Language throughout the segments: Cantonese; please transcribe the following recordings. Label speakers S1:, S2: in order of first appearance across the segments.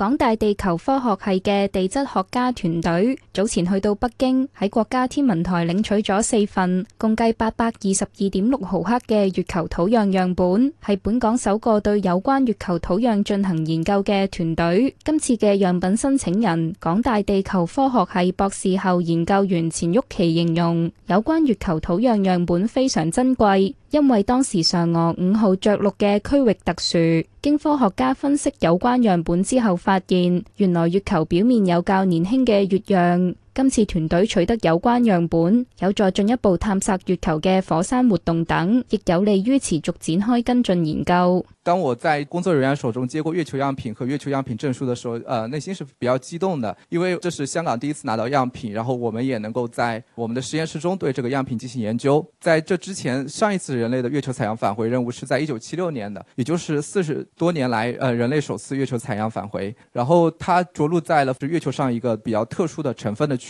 S1: 港大地球科學系嘅地質學家團隊早前去到北京喺國家天文台領取咗四份，共計八百二十二點六毫克嘅月球土壤樣本，係本港首個對有關月球土壤進行研究嘅團隊。今次嘅樣品申請人港大地球科學系博士後研究員錢玉琪形容，有關月球土壤樣本非常珍貴。因為當時嫦娥五號着陸嘅區域特殊，經科學家分析有關樣本之後，發現原來月球表面有較年輕嘅月壤。今次團隊取得有關樣本，有助進一步探索月球嘅火山活動等，亦有利於持續展開跟進研究。
S2: 當我在工作人員手中接過月球樣品和月球樣品證書的時候，呃，內心是比較激動的，因為這是香港第一次拿到樣品，然後我們也能夠在我們的實驗室中對這個樣品進行研究。在這之前，上一次人類的月球採樣返回任務是在一九七六年的，也就是四十多年來，呃，人類首次月球採樣返回。然後它着陸在了月球上一個比較特殊的成分的區。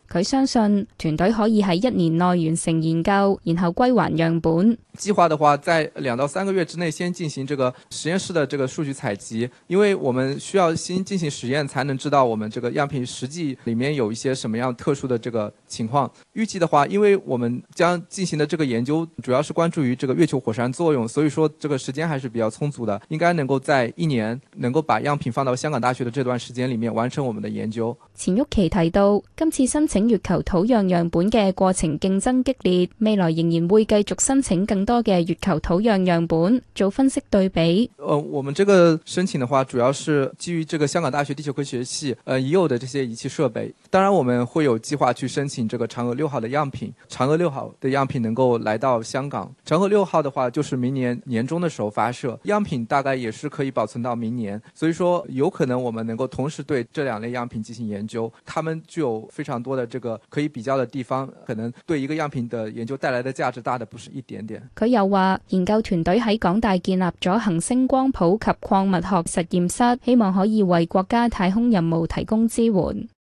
S1: 佢相信團隊可以喺一年內完成研究，然後歸還樣本。
S2: 計劃的話，在兩到三個月之內先進行這個實驗室的這個數據採集，因為我們需要先進行實驗，才能知道我們這個樣品實際裏面有一些什麼樣特殊的這個情況。預計的話，因為我們將進行的這個研究主要是關注於這個月球火山作用，所以說這個時間還是比較充足的，應該能夠在一年能夠把樣品放到香港大學的這段時間裏面完成我們的研究。
S1: 錢玉琪提到，今次申請。月球土壤樣，樣本嘅過程競爭激烈，未來仍然會繼續申請更多嘅月球土壤樣，樣本做分析對比。
S2: 呃，我們這個申請的話，主要是基於這個香港大學地球科學系呃已有的這些儀器設備。當然，我們會有計劃去申請這個嫦娥六號的樣品。嫦娥六號的樣品能夠來到香港。嫦娥六號的話，就是明年年中的時候發射，樣品大概也是可以保存到明年。所以說，有可能我們能夠同時對這兩類樣品進行研究，它們具有非常多的。這個可以比較的地方，可能對一個樣品的研究帶來的價值大得不是一點點。
S1: 佢又話，研究團隊喺港大建立咗恒星光譜及礦物學實驗室，希望可以為國家太空任務提供支援。